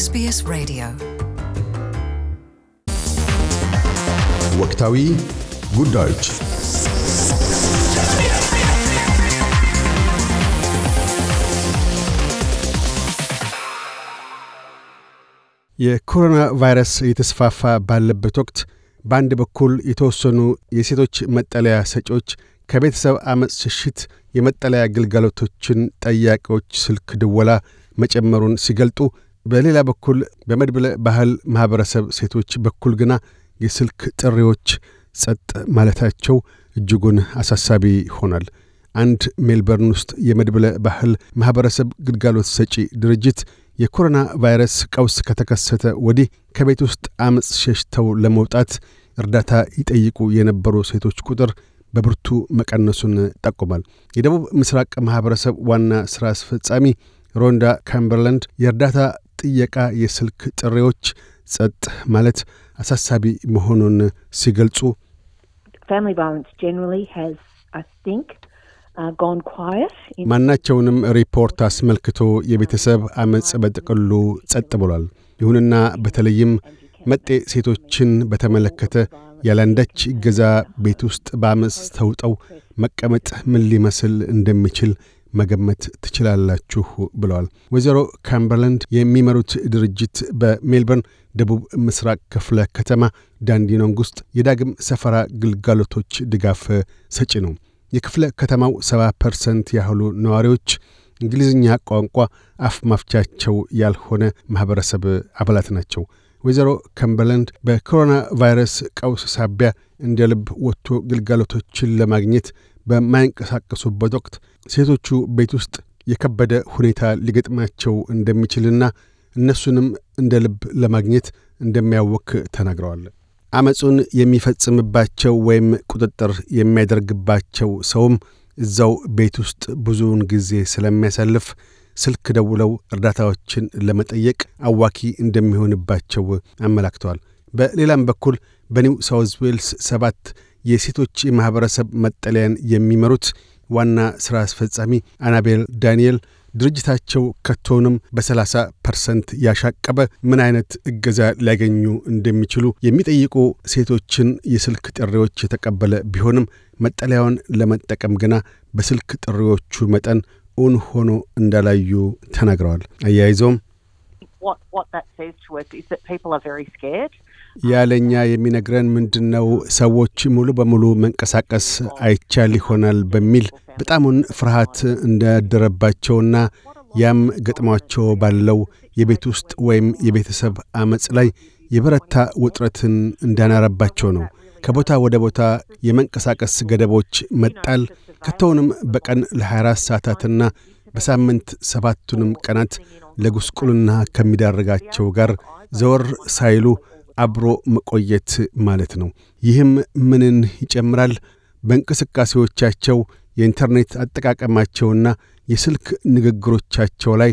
ኤስቢኤስ ሬዲዮ ወቅታዊ ጉዳዮች የኮሮና ቫይረስ እየተስፋፋ ባለበት ወቅት በአንድ በኩል የተወሰኑ የሴቶች መጠለያ ሰጪዎች ከቤተሰብ ዓመፅ ሽሽት የመጠለያ አገልጋሎቶችን ጠያቂዎች ስልክ ድወላ መጨመሩን ሲገልጡ በሌላ በኩል በመድብለ ባህል ማኅበረሰብ ሴቶች በኩል ግና የስልክ ጥሪዎች ጸጥ ማለታቸው እጅጉን አሳሳቢ ይሆናል። አንድ ሜልበርን ውስጥ የመድብለ ባህል ማኅበረሰብ ግልጋሎት ሰጪ ድርጅት የኮሮና ቫይረስ ቀውስ ከተከሰተ ወዲህ ከቤት ውስጥ አመፅ ሸሽተው ለመውጣት እርዳታ ይጠይቁ የነበሩ ሴቶች ቁጥር በብርቱ መቀነሱን ጠቁሟል። የደቡብ ምስራቅ ማኅበረሰብ ዋና ሥራ አስፈጻሚ ሮንዳ ካምበርላንድ የእርዳታ ጥየቃ የስልክ ጥሪዎች ጸጥ ማለት አሳሳቢ መሆኑን ሲገልጹ uh, ማናቸውንም ሪፖርት አስመልክቶ የቤተሰብ አመፅ በጥቅሉ ጸጥ ብሏል። ይሁንና በተለይም መጤ ሴቶችን በተመለከተ ያለንዳች እገዛ ቤት ውስጥ በአመፅ ተውጠው መቀመጥ ምን ሊመስል እንደሚችል መገመት ትችላላችሁ ብለዋል። ወይዘሮ ካምበርላንድ የሚመሩት ድርጅት በሜልበርን ደቡብ ምስራቅ ክፍለ ከተማ ዳንዲኖንግ ውስጥ የዳግም ሰፈራ ግልጋሎቶች ድጋፍ ሰጪ ነው። የክፍለ ከተማው 70 ፐርሰንት ያህሉ ነዋሪዎች እንግሊዝኛ ቋንቋ አፍ ማፍቻቸው ያልሆነ ማኅበረሰብ አባላት ናቸው። ወይዘሮ ከምበርላንድ በኮሮና ቫይረስ ቀውስ ሳቢያ እንደ ልብ ወጥቶ ግልጋሎቶችን ለማግኘት በማይንቀሳቀሱበት ወቅት ሴቶቹ ቤት ውስጥ የከበደ ሁኔታ ሊገጥማቸው እንደሚችልና እነሱንም እንደ ልብ ለማግኘት እንደሚያወክ ተናግረዋል። አመፁን የሚፈጽምባቸው ወይም ቁጥጥር የሚያደርግባቸው ሰውም እዛው ቤት ውስጥ ብዙውን ጊዜ ስለሚያሳልፍ ስልክ ደውለው እርዳታዎችን ለመጠየቅ አዋኪ እንደሚሆንባቸው አመላክተዋል። በሌላም በኩል በኒው ሳውዝ ዌልስ ሰባት የሴቶች ማኅበረሰብ መጠለያን የሚመሩት ዋና ሥራ አስፈጻሚ አናቤል ዳንኤል ድርጅታቸው ከቶውንም በ30 ፐርሰንት ያሻቀበ ምን አይነት እገዛ ሊያገኙ እንደሚችሉ የሚጠይቁ ሴቶችን የስልክ ጥሪዎች የተቀበለ ቢሆንም መጠለያውን ለመጠቀም ግና በስልክ ጥሪዎቹ መጠን እውን ሆኖ እንዳላዩ ተናግረዋል። አያይዘውም ያለኛ የሚነግረን ምንድን ነው? ሰዎች ሙሉ በሙሉ መንቀሳቀስ አይቻል ይሆናል በሚል በጣሙን ፍርሃት እንዳደረባቸውና ያም ገጥሟቸው ባለው የቤት ውስጥ ወይም የቤተሰብ አመፅ ላይ የበረታ ውጥረትን እንዳናረባቸው ነው። ከቦታ ወደ ቦታ የመንቀሳቀስ ገደቦች መጣል ከቶውንም በቀን ለ24 ሰዓታትና በሳምንት ሰባቱንም ቀናት ለጉስቁልና ከሚዳርጋቸው ጋር ዘወር ሳይሉ አብሮ መቆየት ማለት ነው። ይህም ምንን ይጨምራል? በእንቅስቃሴዎቻቸው የኢንተርኔት አጠቃቀማቸውና የስልክ ንግግሮቻቸው ላይ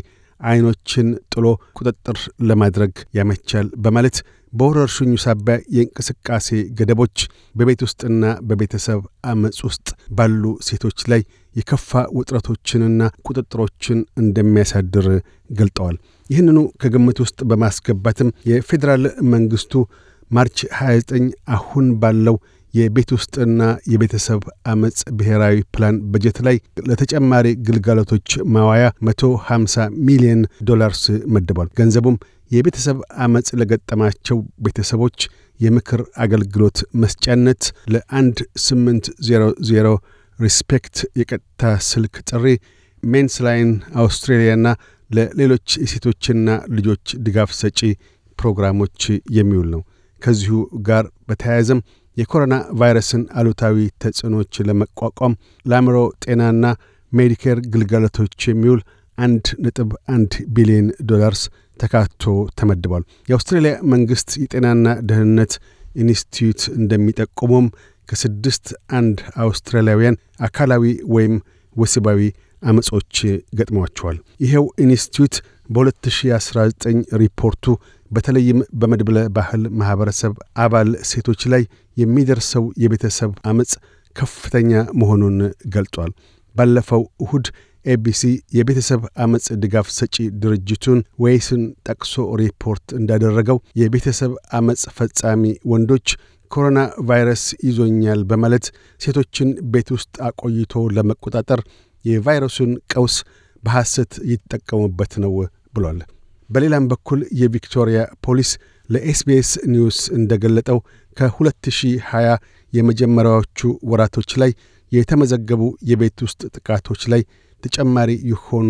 አይኖችን ጥሎ ቁጥጥር ለማድረግ ያመቻል በማለት በወረርሽኙ ሳቢያ የእንቅስቃሴ ገደቦች በቤት ውስጥና በቤተሰብ አመፅ ውስጥ ባሉ ሴቶች ላይ የከፋ ውጥረቶችንና ቁጥጥሮችን እንደሚያሳድር ገልጠዋል። ይህንኑ ከግምት ውስጥ በማስገባትም የፌዴራል መንግስቱ ማርች 29 አሁን ባለው የቤት ውስጥና የቤተሰብ አመፅ ብሔራዊ ፕላን በጀት ላይ ለተጨማሪ ግልጋሎቶች ማዋያ 150 ሚሊዮን ዶላርስ መድቧል። ገንዘቡም የቤተሰብ አመፅ ለገጠማቸው ቤተሰቦች የምክር አገልግሎት መስጫነት ለ1800 ሪስፔክት የቀጥታ ስልክ ጥሪ፣ ሜንስ ላይን አውስትሬልያና ለሌሎች የሴቶችና ልጆች ድጋፍ ሰጪ ፕሮግራሞች የሚውል ነው። ከዚሁ ጋር በተያያዘም የኮሮና ቫይረስን አሉታዊ ተጽዕኖች ለመቋቋም ለአእምሮ ጤናና ሜዲኬር ግልጋሎቶች የሚውል አንድ ነጥብ አንድ ቢሊዮን ዶላርስ ተካቶ ተመድቧል። የአውስትራሊያ መንግሥት የጤናና ደህንነት ኢንስቲትዩት እንደሚጠቁሙም ከስድስት አንድ አውስትራሊያውያን አካላዊ ወይም ወሲባዊ አመጾች ገጥመዋቸዋል። ይኸው ኢንስቲትዩት በ2019 ሪፖርቱ በተለይም በመድብለ ባህል ማኅበረሰብ አባል ሴቶች ላይ የሚደርሰው የቤተሰብ አመፅ ከፍተኛ መሆኑን ገልጧል። ባለፈው እሁድ ኤቢሲ የቤተሰብ አመፅ ድጋፍ ሰጪ ድርጅቱን ወይስን ጠቅሶ ሪፖርት እንዳደረገው የቤተሰብ አመፅ ፈጻሚ ወንዶች ኮሮና ቫይረስ ይዞኛል በማለት ሴቶችን ቤት ውስጥ አቆይቶ ለመቆጣጠር የቫይረሱን ቀውስ በሐሰት እየተጠቀሙበት ነው ብሏል። በሌላም በኩል የቪክቶሪያ ፖሊስ ለኤስቢኤስ ኒውስ እንደገለጠው ከ2020 የመጀመሪያዎቹ ወራቶች ላይ የተመዘገቡ የቤት ውስጥ ጥቃቶች ላይ ተጨማሪ የሆኑ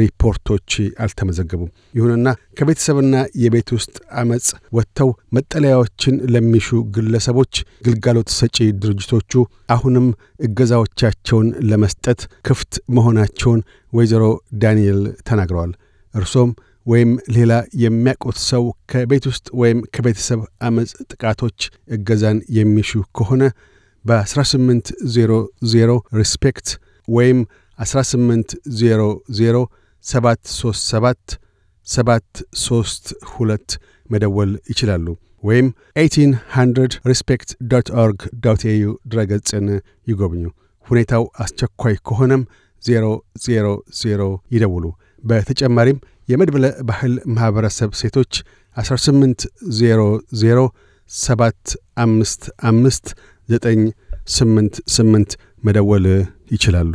ሪፖርቶች አልተመዘገቡም። ይሁንና ከቤተሰብና የቤት ውስጥ አመፅ ወጥተው መጠለያዎችን ለሚሹ ግለሰቦች ግልጋሎት ሰጪ ድርጅቶቹ አሁንም እገዛዎቻቸውን ለመስጠት ክፍት መሆናቸውን ወይዘሮ ዳንኤል ተናግረዋል። እርሶም ወይም ሌላ የሚያውቁት ሰው ከቤት ውስጥ ወይም ከቤተሰብ አመፅ ጥቃቶች እገዛን የሚሹ ከሆነ በ1800 ሪስፔክት ወይም 1800 737 732 መደወል ይችላሉ ወይም 1800 ሪስፔክት ዶት ኦርግ ዶት ኤዩ ድረገጽን ይጎብኙ። ሁኔታው አስቸኳይ ከሆነም 000 ይደውሉ። በተጨማሪም የመድብለ ባህል ማኅበረሰብ ሴቶች 1800 755 መደወል ይችላሉ።